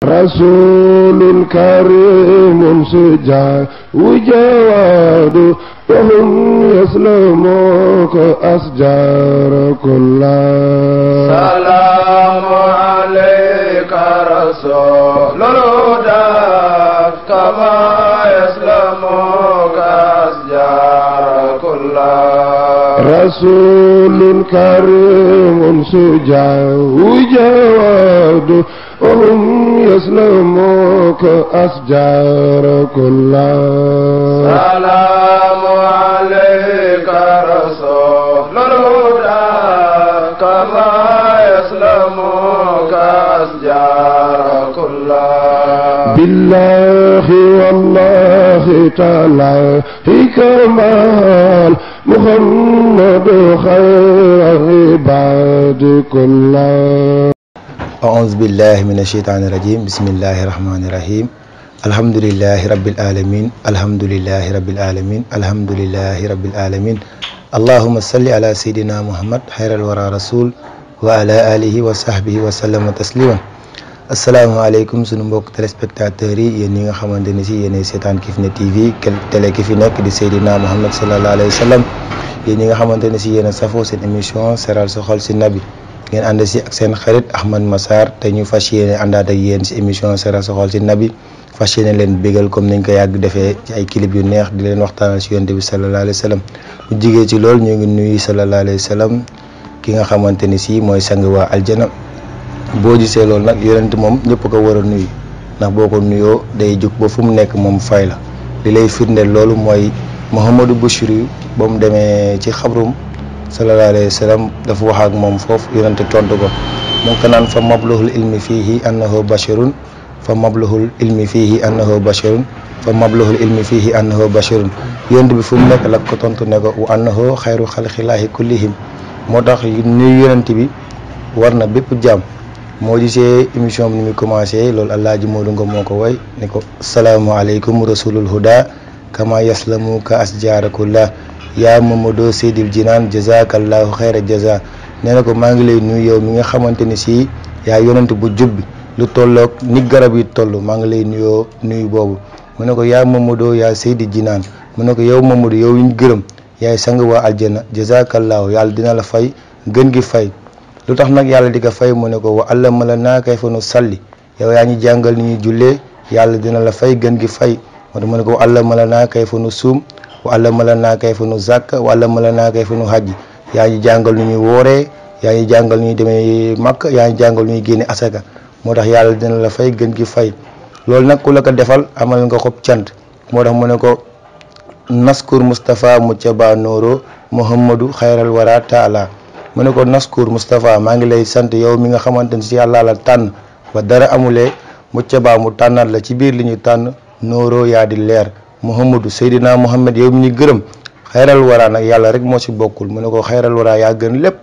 Rasulun karimun sejak wujadu Wahum yaslamu ke asjar kullah Salamu alaika Rasulullah Kama yaslamu ke kullah Rasulun karimun sejak wujadu وهم يسلموك أشجار كلها سلام عليك رسول الهدى كما يسلموك أشجار كلها بالله والله تعالى في كمال محمد خير عباد كلها أعوذ بالله من الشيطان الرجيم بسم الله الرحمن الرحيم الحمد لله رب العالمين الحمد لله رب العالمين الحمد لله رب العالمين اللهم صل على سيدنا محمد خير الورى رسول وعلى آله وصحبه وسلم تسليما السلام عليكم سونو مبوك تيليسبكتاتور يي نيغا خامتاني يني سيطان كيفنا تي في تيلي كيفي نيك سيدنا محمد صلى الله عليه وسلم يي نيغا خامتاني يني سافو سين ايميشن سيرال سو خول نبي ngeen ànd si ak seen xarit Ahmed Massar te ñu fas yéene àndaat ak yéen si émission Séral sa xol si nabi fas yéene leen bégal comme nañ ko yàgg defee ci ay clip yu neex di leen waxtaanal si yonte bi sallallahu alayhi wa sallam ci loolu ñu ngi nuyu sallallahu alayhi wa ki nga xamante ni si mooy sang waa aljana boo gisee loolu nag yonent moom ñëpp ko war a nuyu ndax boo ko nuyoo day jóg ba fu mu nekk moom fay la di lay firndeel loolu mooy Mouhamadou Bachir ba mu demee ci xabrum sallallahu alayhi dafa wax moom foofu yonente tontu ko mu ngi ko naan fa mabluhul ilmi fiihi annahu bashirun fa mabluhul ilmi fiihi annahu bashirun fa mabluhul ilmi fiihi annahu bashirun yonent bi fu mu la ko tontu ne ko wa annahu xayru xalqillaahi kullihim moo tax nuyu yonent bi war na bépp jàmm moo gisee émission bi ni muy commencé loolu Alaaji Modou Ngom moo ko woy ne ko salaamualeykum rasulul huda kama yaslamu ka asjaarakullah yaa Mamadou Seydil Jinaan jazakallahu xayra jaza nee na ko maa ngi lay nuyu yow mi nga xamante ni si yaa yonent bu jub bi lu tollook ni garab yi toll maa ngi lay nuyoo nuyu boobu mu ne ko yaa Mamadou yaa Seydil Jinaan mu ne ko yow Mamadou yow yuñ gërëm yaay sang waa aljana jazakallahu yàlla dina la fay gën gi fay lu tax nag yàlla di ko fay mu ne ko wa allama la naa kayfa nu salli yow yaa ñu jàngal ni ñuy jullee yàlla dina la fay gën gi fay moo nu suum wa allama lanaa kayfa nu zakka wa allama lanaa kayfa nu hajj yaa ngi jàngal nu ñuy woore yaa ngi jàngal nu ñuy demee màkk yaa ngi jàngal nu ñuy génne asaka moo tax yàlla dina la fay gën gi fay loolu nag ku la ko defal amal nga xob cant moo tax mu ne ko naskur Moustapha Mucaba Nooro Muhammadu xayral wara taala mu ne ko naskur Moustapha maa ngi lay sant yow mi nga xamante ne si yàlla la tànn ba dara amulee Mucaba mu tànnaat la ci biir li ñu tànn Nooro yaa di leer. Muhammadu Seydina Muhammad yow mu ñu gërëm xayral waraa nag yàlla rek moo si bokkul mu ne ko xayral waraa yaa gën lépp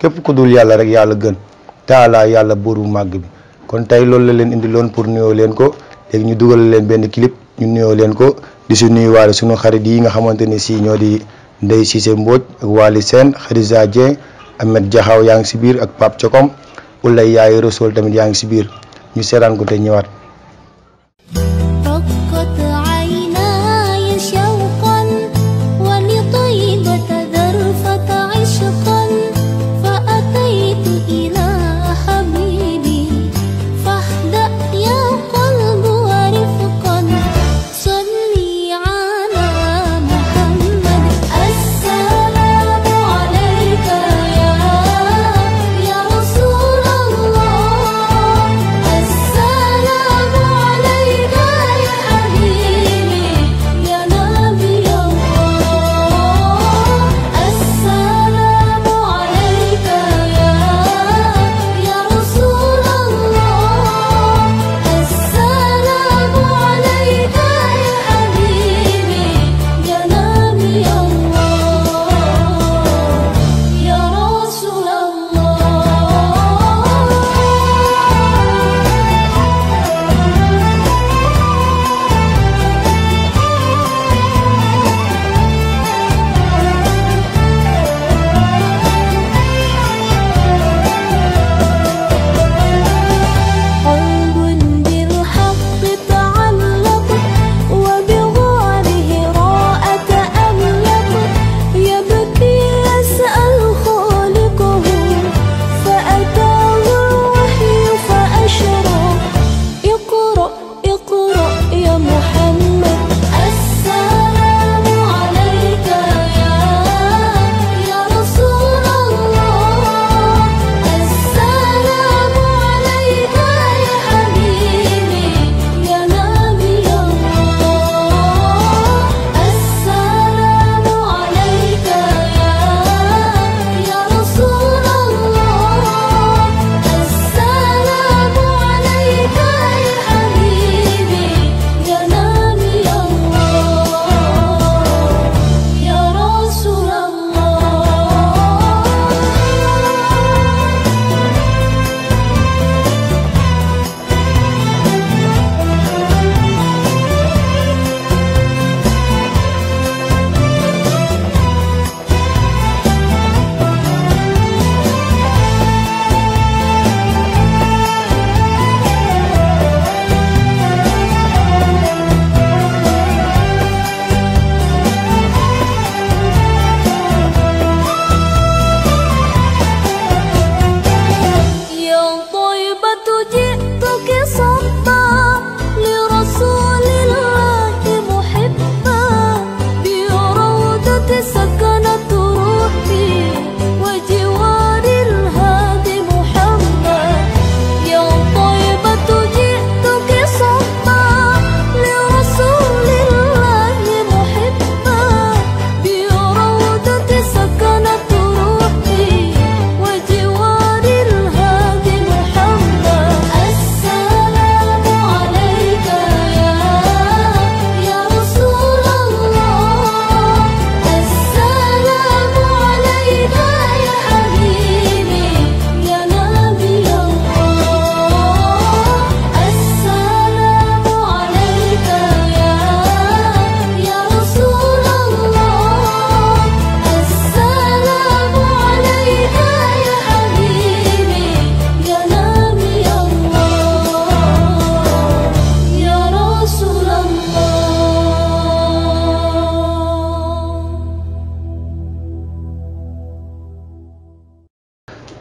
képp ku dul yàlla rek yàlla gën taalaa yàlla buur bu màgg bi kon tey loolu la leen indi loon pour nuyoo leen ko léegi ñu dugal leen benn clip ñu nuyoo leen ko di si waalo suñu xarit yi nga xamante ni si ñoo di Ndeye Cissé Mbodj ak Waly Sène Khadija Dieng Ahmed jaxaw yaa ngi si biir ak Pape Cokom Ulay Yaay Rasoul tamit yaa ngi si biir ñu seetaan ko te ñëwaat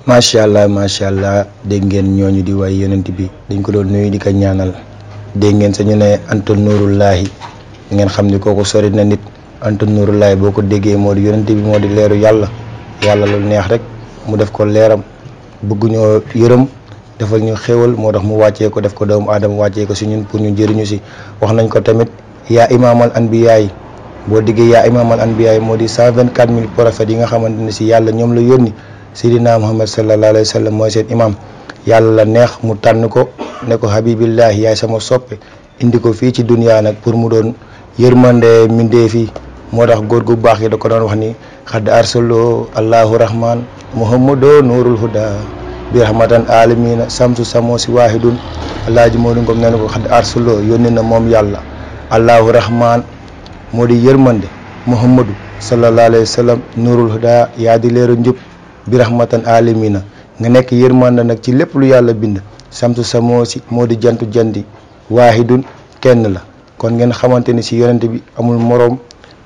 Masyaallah, masyaallah de ngeen ñooñu di way yonent bi dañ ko doon nuyu di ka ñaanal de ngeen sañu ne anta nurullahi ngeen xamni koku sori na nit anta nurullahi boko ko déggee moo yonent bi modi leeru yalla yalla lu neex rek mu def ko leeram ñoo yërëm defal ñu xewal mo tax mu wacce ko def ko doom adam wacce ko si ñun pour ñu jëriñu si wax nañ ko tamit ya imamal anbiyaa yi boo ya yaa imaamal anbiyaa yi moo di cent yi nga xamanteni si yàlla la Seydina Muhammad sallallahu alayhi wa sallam mooy seen imam yàlla la neex mu tànn ko ne ko Habibillahi yaay sama soppe indi ko fii ci duniyaa nag pour mu doon yërmande mindee fii moo tax góor gu baax yi da ko doon wax ni xadd arsaloo allahu rahman muhammado nuurul huda bi rahmatan alamina samsu samoo si waahidun alaaji moo du ngom nee na ko xadd arsaloo yónni na moom yàlla allahu rahman moo di yërmande muhammadu sallallahu alayhi wa sallam nuurul huda yaa di leeru njub bi rahmatan na nga nekk yërmande nag ci lépp lu yàlla bind samtu sa moo si moo di jantu jandi waahidun kenn la kon ngeen xamante ni si yonent bi amul morom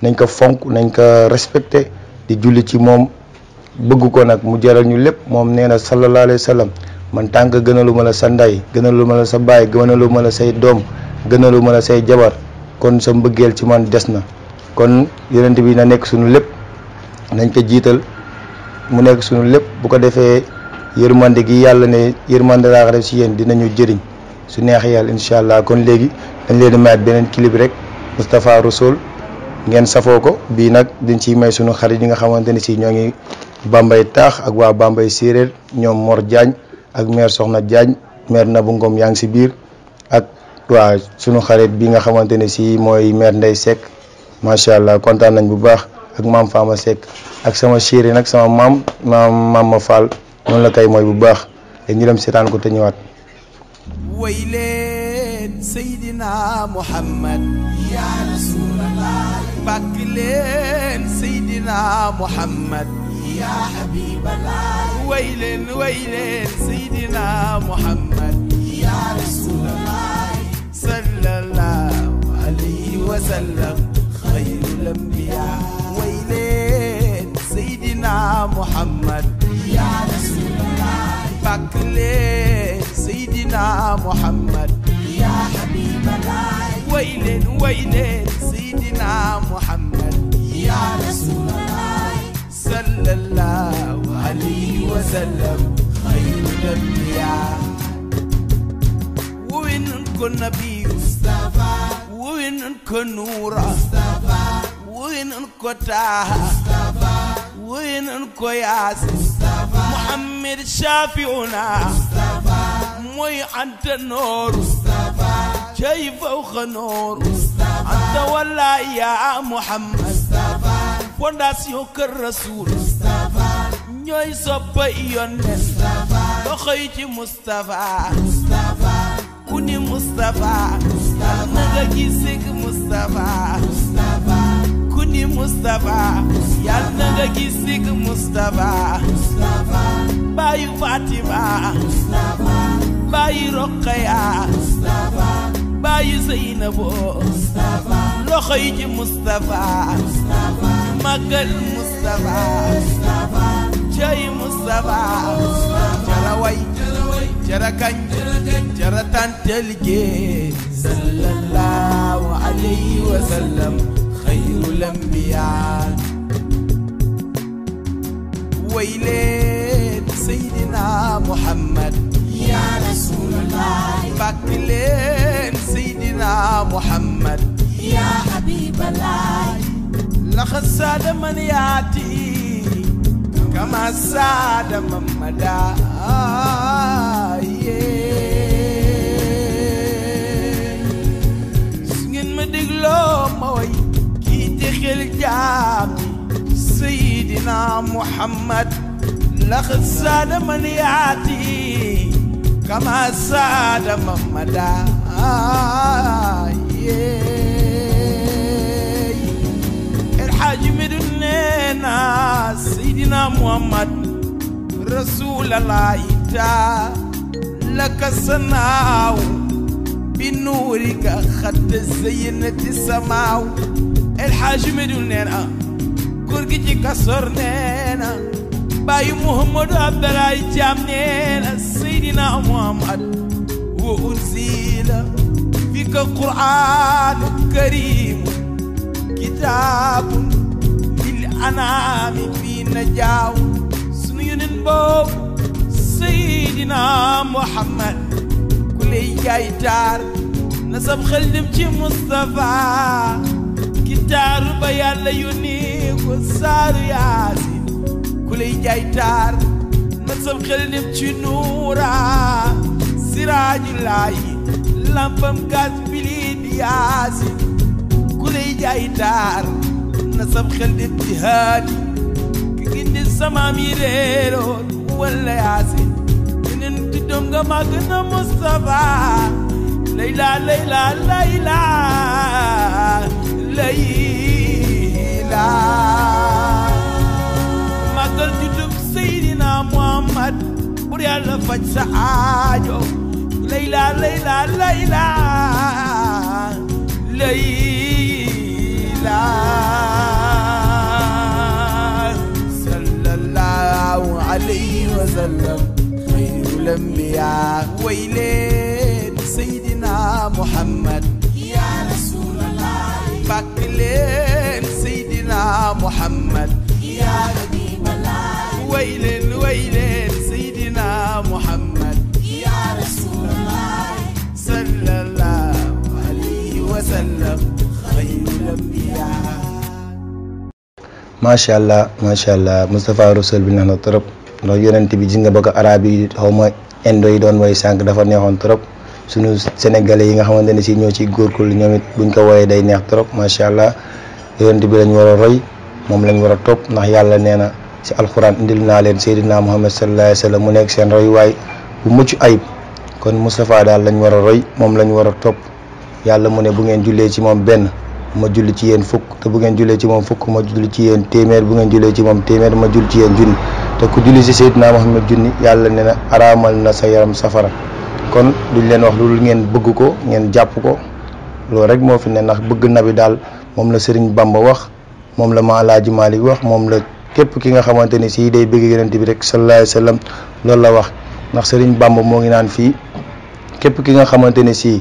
nañ ko fonk nañ ko respecté di julli ci moom bëgg ko nag mu jaral ñu lépp moom nee na sallallahu alayhi wa sallam man tànk gënaluma la sa ndey gënaluma la sa baay gënaluma la say doom gënaluma la say jabar kon sa mbëggeel ci man des na kon yonent bi na nekk suñu lépp nañ ko jiital mu nekk suñu lépp bu ko defee yërmande gi yàlla ne yërmande laa def si yéen dinañu jëriñ su neex yàlla incha allah kon léegi dañ leen di beneen clip rek Moustapha Rassoul ngeen safoo ko bii nag dañ ciy may suñu xarit yi nga xamante ne si ñoo ngi Bambay taax ak waa Bambay séeréer ñoom moor jaañ ak mère Soxna jaañ Diagne na bu ngoom yaa ngi si biir ak waa sunu xarit bi nga xamante ne si mooy mère Ndeye Seck macha allah kontaan nañ bu baax. ak maam Fama Seck ak sama chéri nag sama maam maam maam ma Fall noonu la kay mooy bu baax te ñu dem seetaan ko te ñëwaat. way leen Seydina Muhammad ya Rasulallah bàkk leen Seydina Muhammad ya Habiballah way leen way leen Seydina Muhammad ya Rasulallah sallallahu alayhi wa sallam xayrul anbiya سيدنا محمد يا رسول الله فكلي سيدنا محمد يا حبيب الله ويلين ويلين سيدنا محمد يا رسول الله صلى الله عليه وسلم خير الانبياء وين كن نبي مصطفى وين كن نورا مصطفى وين كن تاها وينكو يا مصطفى محمد شافيونا مصطفى موي انت النور مصطفى كيف نور مصطفى انت ولا يا محمد مصطفى فونداسيوك الرسول مصطفى نيوي صبا yonne ba xëy مصطفى Moustapha ku مصطفى Moustapha na nga gis Moustapha ni Mustafa yal na nga gisik Mustafa Mustafa bayu Fatima baayu Mustafa baayu Mustafa loxo yi ci Mustafa magal Mustafa cey Moustapha jaraway jarakañ jarataan te liggéey sallallahu alayhi wa sallam الأنبياء ويليت سيدنا محمد يا رسول الله باكلين سيدنا محمد يا حبيب الله لقد ساد من ياتي كما ساد من مدى آه، Lord. سيدنا محمد لقد ساد من ياتي كما ساد محمد الحاج مدننا سيدنا محمد رسول الله لك سناو بنورك خد زينة سماو الحاج مدول مدولنا كرجي كسرنا باي محمد عبد الله جام جامنا سيدنا محمد وأنزل فيك القرآن الكريم كتاب للأنام في نجاو سنين بوب سيدنا محمد كل جاي تار نسب خلدم مصطفى gitaaru ba yàlla yónnee ko saaru yaasin ku lay jaay taar na sam xel dem ci nuura siraaju lampam gaas bili yaasin ku lay jaay taar na sam xel dem ci haadi ki gindi samaam yi réeroon walla yaasin yeneen di doom nga màgg na Mustafa layla layla layla ليلى ماغال juddub Seydina Muhammad bur ليلى ليلى ليلى ليلى صلى الله عليه وسلم خير الأنبياء سيدنا محمد حبك لين سيدنا محمد يا رقيب الله ويلن ويلن سيدنا محمد يا رسول الله صلى الله عليه وسلم خير الانبياء ما شاء الله ما شاء الله مصطفى رسول بن طرب no yonent bi ji nga bëgg araab yi xaw ma indo yi doon way sànq dafa neexoon suñu sénégalais yi nga xamante ne si ñoo ciy góorgóorlu ñoom it buñ ko wooyee day neex trop macha allah yonent bi lañ war a roy moom lañu war a topp ndax yàlla nee na si alxuraan indil naa leen Seydina Muhammad sallallahu alayhi wa sallam mu nekk seen royuwaay bu mucc ayib kon Moustapha daal lañu war a roy moom lañ war a topp yàlla mu ne bu ngeen jullee ci moom benn ma julli ci yéen fukk te bu ngeen jullee ci moom fukk ma julli ci yéen téeméer bu ngeen jullee ci moom téeméer ma julli ci yéen junni te ku julli si Seydina Muhammad junni yàlla nee na araamal na sa yaram safara kon duñ leen wax loolu ngeen bëgg ko ngeen japp ko lool rek mo fi ne nak bëgg nabi dal mom la Serigne Bamba wax mom la ma Maalaaji Malick wax mom la kep ki nga xamanteni ci sii day bëgg yëneenti bi rek sallallahu alayhi wasallam lool la wax nak Serigne Bamba mo ngi naan fi kep ki nga xamanteni ci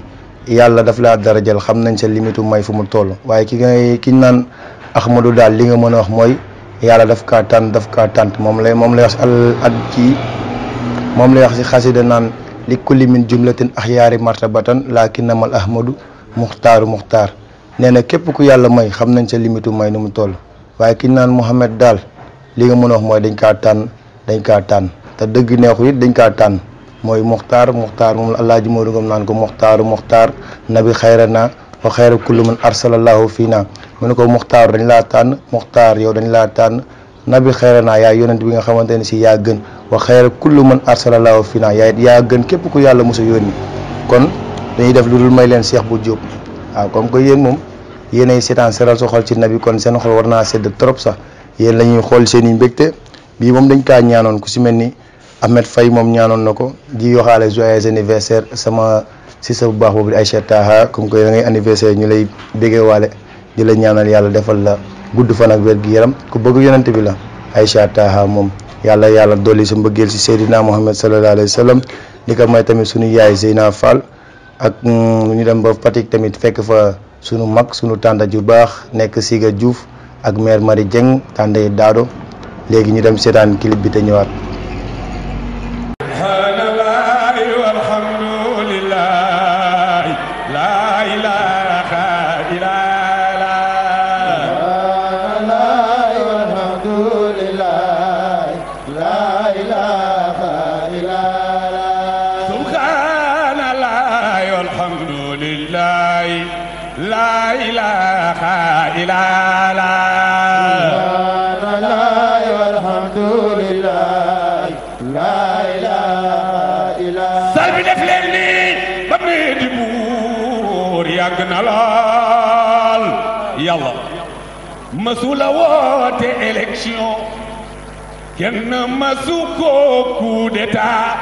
yalla daf la darajal xam nañ ci limitu may fu mu toll waye ki ngay ki naan ahmadu dal li nga mëna wax moy yalla daf ka tan daf ka tànt mom lay mom lay wax al at ci mom lay wax ci xasida nan li kulli min jumlatin axyaari martabatan laakin namal ahmadu muxtaaru muxtaar nee na képp ku yàlla may xam nañ sa limitu may nu mu toll waaye ki naan Mouhamed daal li nga mën a wax mooy dañ kaa tànn dañ kaa tànn te dëgg neexu it dañ kaa tànn mooy muxtaar muxtaar moom la Alaaji moo Ngom naan ko muxtaaru muxtaar nabi xayra naa wa xayra kulli man arsalallahu fii naa mu ne ko muxtaar dañ laa tànn muxtaar yow dañ laa tànn nabi xayra naa yaay yonent bi nga xamante ne si yaa gën wa xayra kullu man arsalallahu fi naa yaay yaa gën képp ku yàlla mos yoon yónni kon dañuy def lu dul may leen Cheikh bu Diop waaw comme que yéen moom yéenay seetaan seral sa xool ci nabi kon seen xol war naa sedd trop sax yéen la ñuy xool seen i mbégte bii moom dañ kaa ñaanoon ku si mel ni Ahmed fay moom ñaanoon na ko di waxaale joyeux anniversaire sama si sa bu baax boobu di Aïcha Taha comme que da ngay anniversaire ñu la ñaanal yàlla defal la gudd fan ak wér gi yaram ku bëgg yonent bi la Aïcha Taha moom yàlla yàlla dolli sa mbëggeel si Seydina Mohamed sallallahu alayhi wa sallam li ko may tamit suñu yaay Zeyna Fall ak mm, ñu dem ba Fatick tamit fekk fa sunu mag sunu tànda ju baax nekk Siga juuf ak mère mari jeng tànda Daado léegi ñu dem seetaan clip bi te ñëwaat. masula woote élection kenn masu koo coup d'état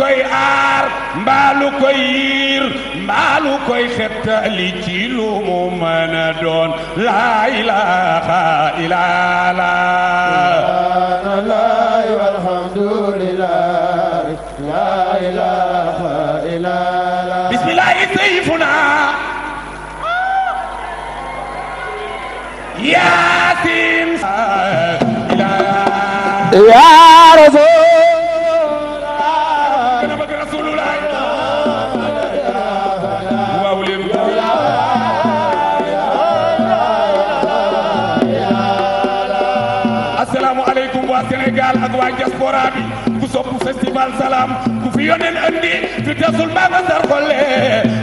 koy aar mbaa koy yiir mbaa lu koy xettali ci lu mu mën a doon laa ilaaha illallaah يتيم يا رسول انا بك رسول الله السلام عليكم waa Sénégal ak waa diaspora bi ku sopp festival salam ku fi yónneen andi fi tasul maa nga sar xolle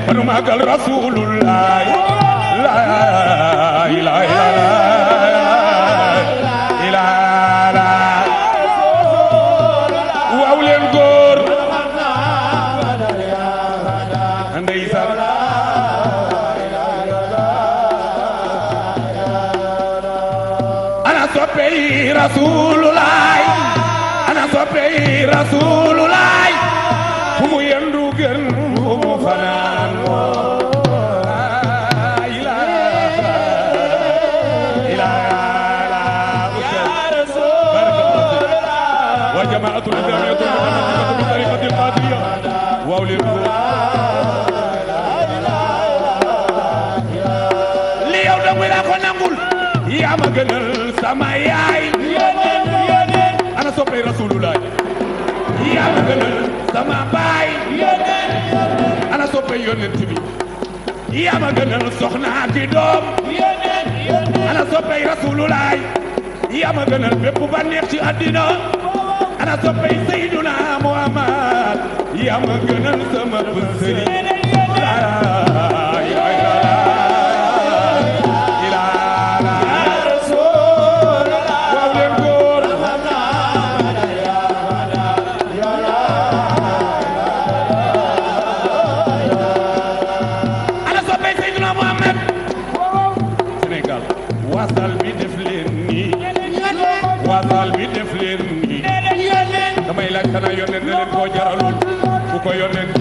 manu màggal rasulullah رسول الله انا صبي رسول الله yaa gënal sama baay yónneen yónneen ana soppe yónnent bi yaa ma gënal soxna ak i doom yónneen yónneen ana soppe rasulullaay yaa ma gënal bépp bànneex ci àddina ana soppe Seyduna Muhammad yaa ma gënal sama bët sëriñ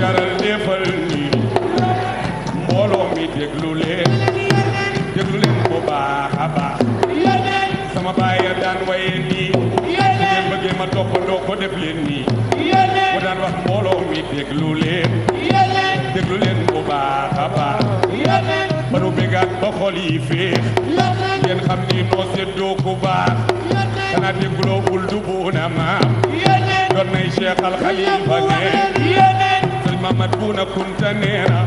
jaral defal nii mbooloo mi déglu leen déglu leen bu baax a baax sama baay ya daan waye nii su ngeen bëggee ma toppandoo ko def leen nii mu daan wax mbooloo mi déglu leen déglu leen bu baax a baax ba nu bégaat ba xol yi féex ngeen xam ni noo seddoo ku baax xanaa dégloo wul du buuna maam doon nay Cheikh Al Khalifa ne المما تكون كنت نيرا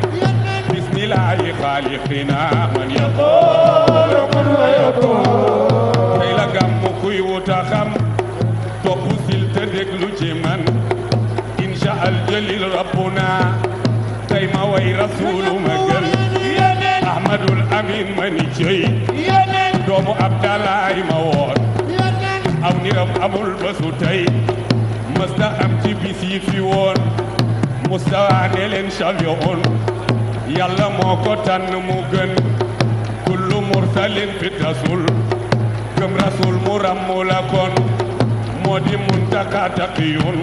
بسم الله خالقنا من يقول كن ويكون ليلا غمك يوتخم توكو سلت ديك لجمان ان شاء الجليل ربنا تيما وي رسول مجل احمد الامين من جي دوم عبد الله مواد او نيرم ابو البسوتي مستحم تي بي سي في وون Moustapha ne leen champion yàlla moo ko tànn mu gën kullu mursalin fit rasul gëm rasul mu ràmmu moo di muntaka taqiyun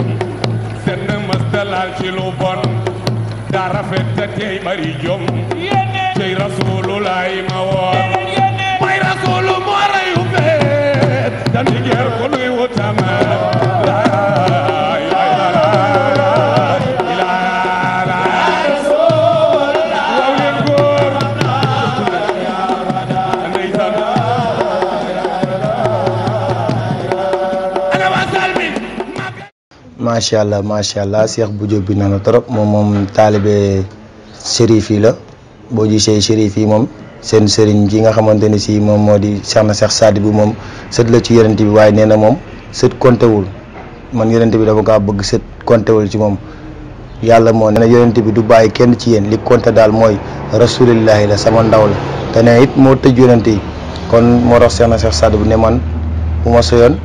senn mastalal ci lu bon daa rafet te tey bari jom rasulu laay ma rasulu moo reyu feet dandi geer ko luy wutama macha allah macha allah Cheikh bu Diop bi na na trop moom moom taalibe shérif yi la boo gisee shérif yi moom seen sëriñ ki nga xamante ni si moom moo di Cheikh na Cheikh Sadi bi moom sët la ci yonent bi waaye nee na moom sët kontewul man yonent bi dafa kaa bëgg sët kontewul ci moom yàlla moo na yonent bi du bàyyi kenn ci yéen li konte daal mooy rasulillahi la sama ndaw la te nee it moo tëj yonent yi kon moo tax Cheikh na Cheikh Sadi bu ne man bu ma soyoon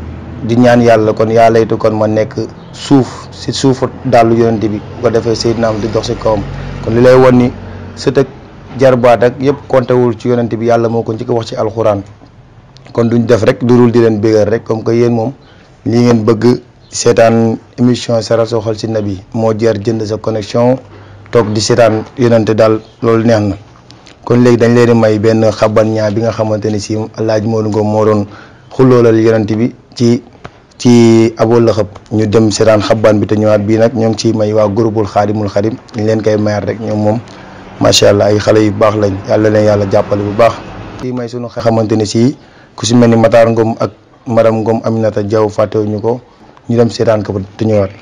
di ñaan yàlla kon yaa laytu kon ma nekk suuf si suufu dàllu yonente bi bu ko defee Seydina am di dox si kawam kon li lay wan ni sët ak jarbaat ak yëpp kontewul ci yonente bi yàlla moo ko njëkk wax ci alxuraan kon duñ def rek durul di leen bégal rek comme que yéen moom lii ngeen bëgg seetaan émission Séral Sow Xol si Nabi moo jar jënd sa connexion toog di seetaan yonente daal loolu neex na kon léegi dañ leen may benn xaban ñaa bi nga xamante ni si Alaaji Modou Ngom ci Abu Lahab ñu dem seetaan xabaan bi te ñëwaat bii nag ñoo ngi ciy may waa groupul xaadimul xadim ñu leen koy mayaat rek ñoom moom macha allah ay xale yu baax lañ yàlla leen yàlla jàppale bu baax. ci may sunu xamante ne si ku si mel ni Matar ngoom ak madame Ngom Aminata Diaw fàttewuñu ko ñu dem seetaan ko te ñëwaat.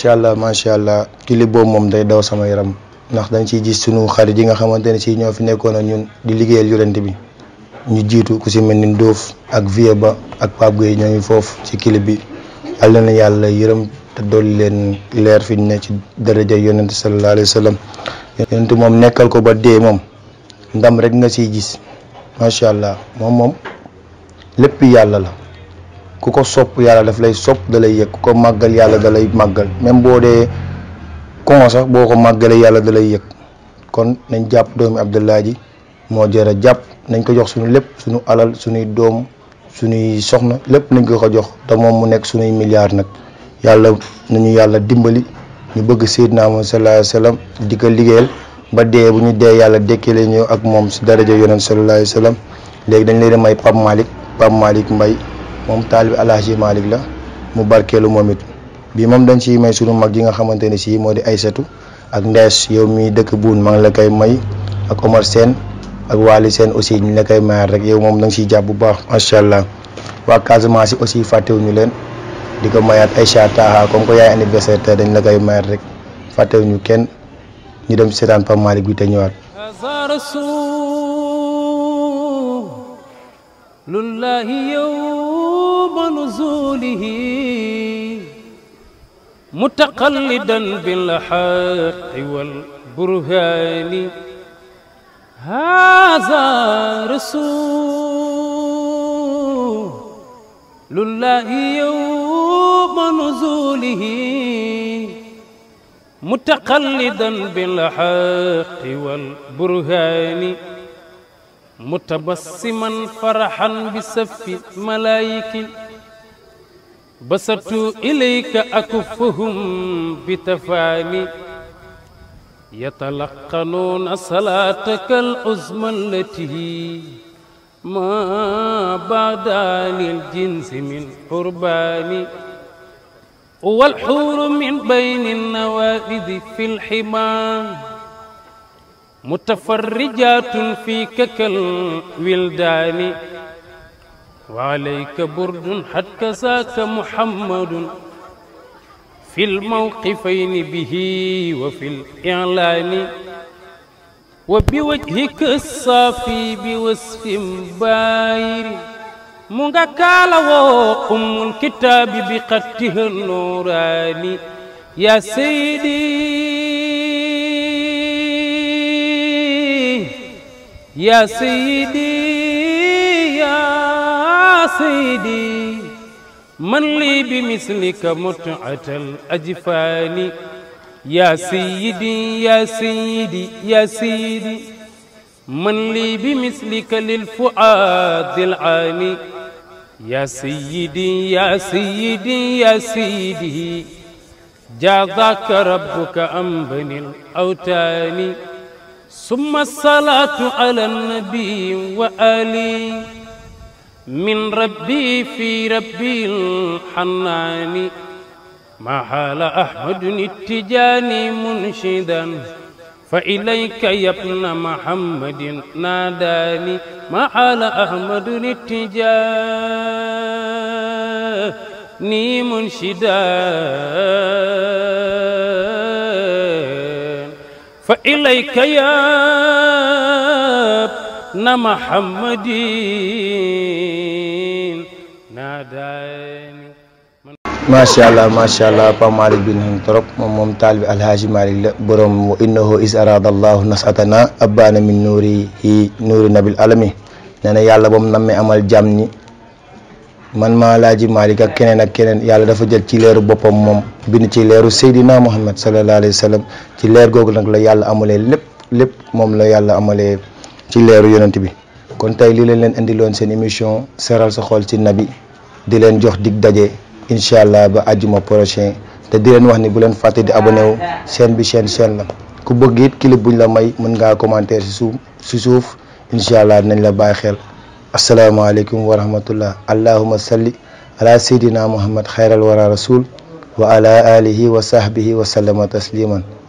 macha allah macha allah clip boobu moom day daw sama yaram ndax dañ ciy gis sunu xarit yi nga xamante ne si ñoo fi nekkoon a ñun di liggéeyal yonent bi ñu jiitu ku si mel ni Ndoof ak vie Ba ak Pape Gueye ñoo ngi foofu ci kilib bi al na yàlla yërëm te dolli leen leer fi ñu ne ci daraja yonent sallallahu alayhi wa sallam yonent moom nekkal ko ba dee moom ndam rek nga siy gis macha allah moom moom lépp yàlla la ku ko sopp yàlla daf lay sopp da lay yëg ku ko màggal yàlla da màggal même boo dee kon boo ko màggalee yàlla da lay yëg kon nañ jàpp doomi ji moo jar a jàpp nañ ko jox suñu lépp suñu alal suñuy doom suñuy soxna lépp nañ ko ko jox te moom mu nekk suñuy milliards nag yàlla nañu yàlla dimbali ñu bëgg Seydina Muhammad sallallahu alayhi wasallam di ko liggéeyal ba dee bu ñu dee yàlla dekkile ñëw ak moom si daraja yonent sallallahu alayhi wasallam léegi dañ leen di may Pape Malick Pape Malick mbay moom taalibi Alaaji Malick la mu barkeelu moom bi mom dañ ci may suñu mag yi nga xamanteni ci modi aissatu ak ndess yow mi dekk buun ma ngi la kay may ak omar seen ak wali seen aussi ñu la kay mayal rek yow mom da ci jabb bu baax macha allah waa casamance aussi faté wu ñu len diko mayat aïcha taha comme ko yaay anniversaire te dañ la kay mayal rek faté wu ñu kenn ñu dem sétane pa malik bi te ñëwaat lillahi يوم nuzulihi متقلدا بالحق والبرهان هذا رسول الله يوم نزوله متقلدا بالحق والبرهان متبسما فرحا بسف ملائكه بسطت إليك أكفهم بتفاني يتلقنون صلاتك العظمى التي ما بعد الجنس من قربان والحور من بين النوائد في الحمام متفرجات فيك كالولدان وعليك برد حتى ساك محمد في الموقفين به وفي الإعلان وبوجهك الصافي بوصف باير قال وقم الكتاب بقته النوراني يا سيدي يا سيدي سيدي من لي بمثلك متعة الأجفان يا سيدي يا سيدي يا سيدي من لي بمثلك للفؤاد العاني يا سيدي يا سيدي يا سيدي جاذاك ربك أم بني الاوتاني ثم الصلاة على النبي وآله من ربي في ربي الحنان ما حال أحمد التجاني منشدا فإليك يا ابن محمد ناداني ما حال أحمد التجاني منشدا فإليك يا na Muhammadin nadaani macha allah macha allah Pape Malick bi nañ trop moom moom taalibi alhaaji Malick la borom wa innahu is aradallahu nasatana abbaana min nuurihi nuuri nabil alami nee na yàlla bam amal jàmm man maa laaji Malick ak keneen ak keneen yàlla dafa jël ci leeru boppam moom bind ci leeru Seydina Muhammad sallallahu alayhi ci leer googu nag la yàlla amalee lépp lépp moom la yàlla amalee ci leeru yonent bi kon tey li leen leen indiloon seen émission seral sa xol ci nabi di leen jox dig daje incha allah ba àjjuma prochain te di leen wax ni bu leen fàtte di abonné wu chaîne bi chaîne chaîne la ku bëgg it clip buñ la may mën ngaa commentaire si suuf si suuf incha allah dinañ la bàyyi xel asalaamaaleykum wa rahmatullah allahuma salli ala sayyidina muhammad xayral wara rasul wa ala alihi wa sahbihi wa sallama tasliman